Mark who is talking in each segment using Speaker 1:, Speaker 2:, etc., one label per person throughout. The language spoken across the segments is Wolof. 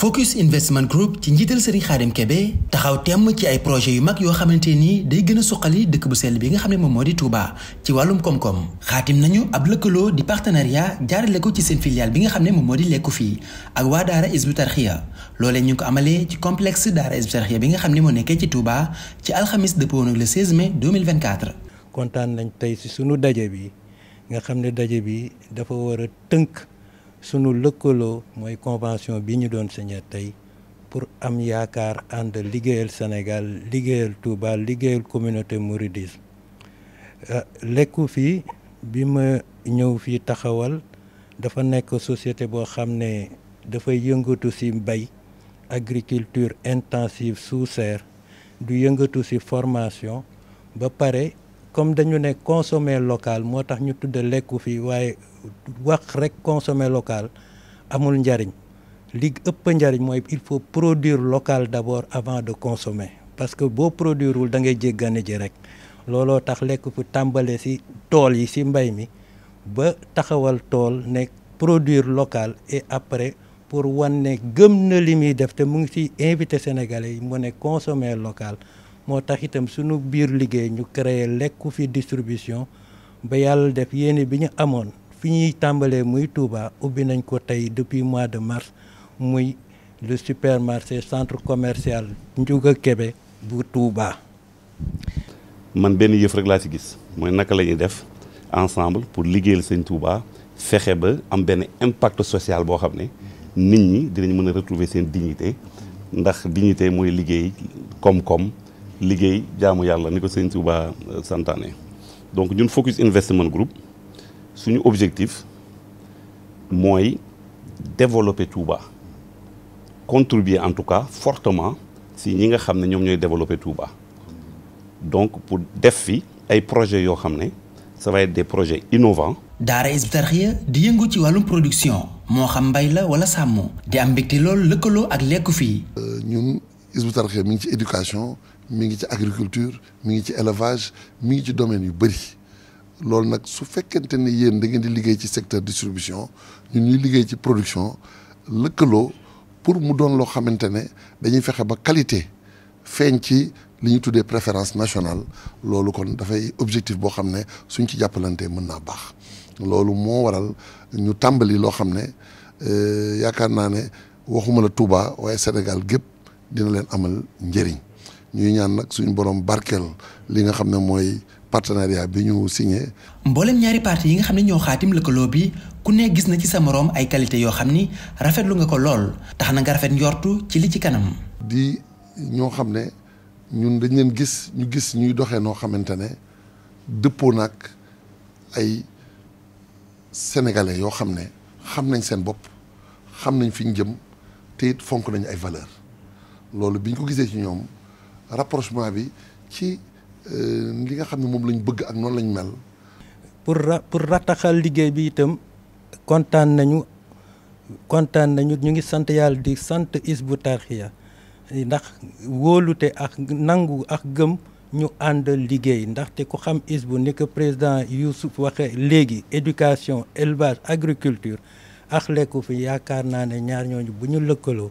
Speaker 1: Focus Investment Group ci njiital Serigne Khadim Kebe taxaw temm ci ay projet yu mag yoo xamante nii day gën a suqali dëkk bu sell bi nga xam ne moom moo di Touba ci wàllum koom-koom xaatim nañu ab lëkkaloo di partenariat jaarale ko ci seen filiale bi nga xam ne moom moo di lekku fii ak waa Daara Hizbut Tarqiyyah loolee ñu ngi ko amalee ci complexe Daara Hizbut bi nga
Speaker 2: xam ne moo nekkee ci Touba ci alxamis dëppoon ak le 16 mai 2024. kontaan nañ tey si sunu daje bi nga xam ne daje bi dafa war a tënk. So lëkkaloo mooy convention bi ñu doon signé pour am yaakaar Sénégal liggéeyal Touba liggéeyal communauté mouridisme euh, bi taxawal dafa nekk société boo xam ne dafay agriculture intensive sous serre du yëngatu ci formation ba comme dañu ne consommer local moo tax ñu tudde lekku fii waaye wax rek consommer local amul njariñ li ëpp njariñ mooy il faut produire local d'abord avant de consommer parce que boo produirewul da ngay jéggane ji rek looloo tax lekku fi tàmbale ci tool yi ci mbay mi ba taxawal tool ne produire local et après pour wan ne gëm na li muy def te mu ngi ciy invité sénégalais yi mu ne consommer local moo tax itam sunu biir liggéey ñu créer lekku fi distribution ba yàlla def yéene bi ñu amoon fi ñuy tàmbalee muy Touba ubbi nañ ko tey depuis mois de mars muy le supermarché centre commercial Ndiouga Kébé bu Touba.
Speaker 3: man benn yëf rek laa ci gis mooy naka la ñuy def ensemble pour liggéeyal sëñ Touba fexe ba am benn impact social boo xam ne nit ñi dinañ mën a retrouver seen dignité ndax dignité mooy liggéey koom-koom liggéey jaamu yalla ni ko sëñ Touba euh, santaane donc ñun Focus Investment Group suñu objectif moy développer Touba contribuer en tout cas fortement si ñi nga xamné ñom ñoy développer Touba donc pour def fi ay projets yo xamné ça va être des projets innovants.
Speaker 1: daara hizbut di yëngu ci walum production moo xam mbay
Speaker 4: la wala sàmm di am mbégte loolu lëkkaloo ak euh, ñun Hizbut Tarqiyyah mi ngi ci éducation mi ngi ci agriculture mi ngi ci élevage mi ci domaine yu bëri loolu nak su fekkente ne yéen da ngeen di liggéey ci secteur distribution ñun ñuy liggéey ci production lëkkaloo pour mu doon loo xamante ne dañuy fexe ba qualité feeñ ci li ñu tuddee préférence nationale loolu kon dafay objectif bo xam ne suñ ci jàppalantee mën naa baax loolu moo waral ñu tàmbali lo xam ne euh, yaakaar naa ne waxuma la Touba waaye Sénégal gépp dina leen amal njëriñ ñuy ñaan nag suñu borom barkeel li nga xam ne mooy partenariat bi ñu signé.
Speaker 1: mboolem ñaari parti yi nga xam ne ñoo xaatim lëkkaloo bi ku ne gis na ci sa moroom ay qualité yoo xam ni
Speaker 4: rafetlu nga ko lool tax na nga rafet njortu ci li ci kanam. di ñoo xam ne ñu dañ leen gis ñu gis ñuy doxee noo xamante ne dëppoo nag ay sénégalais yoo xam ne xam nañ seen bopp xam nañ fi ñu jëm te it fonk nañ ay valeur loolu bi ñu ko gisee ci ñoom rapprochement bi ci euh, li nga xam ne moom lañ bëgg ak noonu lañ mel. pour ra pour rataxal liggéey bi itam kontaan nañu
Speaker 2: kontaan nañu ñu ngi sant yàlla di sant Hizbut Tarqiyyah ndax wóolute ak nangu ak gëm ñu ànd liggéey ndaxte ku xam Hizbut ni ko président Youssouf waxee léegi éducation élevage agriculture ak lekku fi yaakaar naa ne ñaar ñooñu bu ñu lëkkaloo.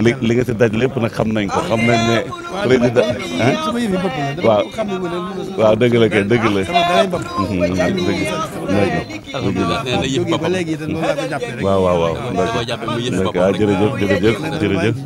Speaker 3: li li nga si daj lépp nag xam nañ ko xam nañ ne président waaw waaw dëgg la kay dëgg la waaw waaw waaw d'accord jërëjëf jërëjëf jërëjëf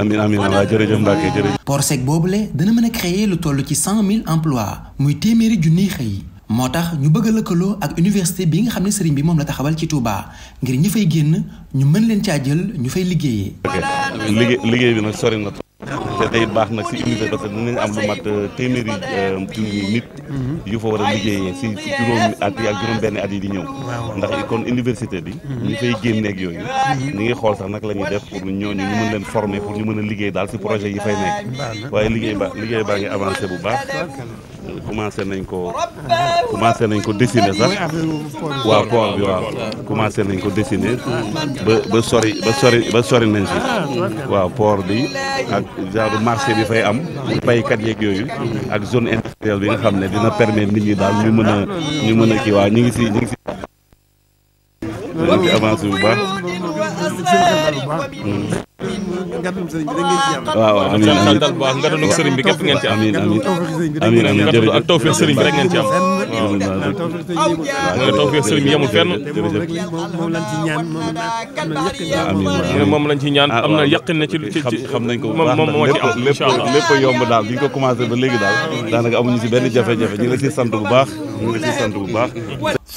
Speaker 3: amiin amiin waaw jërëjëf Mbacke jërëjëf
Speaker 1: Porsec boobule dana mën a créer lu toll ci cent mille emplois muy téeméeri junni xëy moo tax ñu bëgg a lëkkaloo ak université bi nga xam ne sëriñ bi moom la taxawal ci tuubaa ngir ñi fay génn ñu mën leen caa jël ñu fay liggéeyee.
Speaker 3: liggéey liggéey bi nag sori na te tey baax nag si université parce que dinañ am lu mat euh, téeméeri euh, junni nit. Mhm. yu fa war a liggéeyee si juróomi ak juróom-benn at yi di ñëw. ndax kon université bi. Mhm. ñu fay génneeg yooyu. Mhm. ñu ngi xool sax nag la ñuy def pour ñooñu ñu mën leen former pour ñu mën a liggéey daal si projet yi fay nekk. waaye liggéey ba liggéey baa ngi avancé bu baax. commencé nañ ko commencé nañ ko dessiner sax waaw port bi waaw commencé nañ ko dessiner ba ba sori ba sori ba sori nañ si waaw poor bi ak genre marché bi fay am baykat yeeg yooyu ak zone industrielle bi nga xam ne dina permettre nit ñi daal ñu mën a ñu mën a kii waaw ñu ngi si ñu ngi si ñu ngi si bu baax ngattandu sëriñ bi da ngeen ci am waaw amiin amiin dal bu baax ngattandu sëriñ bi képp ngeen ci am amiin amiin amiin jërëjëf ak tawfeex sëriñ bi rek ngeen ci am waaw mooy
Speaker 2: tawfeex sëriñ bi yemul fenn moom lañ ci ñaan
Speaker 3: moom lañ ci ñaan ah, am na yaqin na ci xam nañ ko moom moo ci am insha Allah lépp yomb daal bi ñu ko commencé ba léegi daal daanaka amuñu ci benn jafe-jafe ñu ngi la ci sant bu baax ñu ngi la ci sant bu baax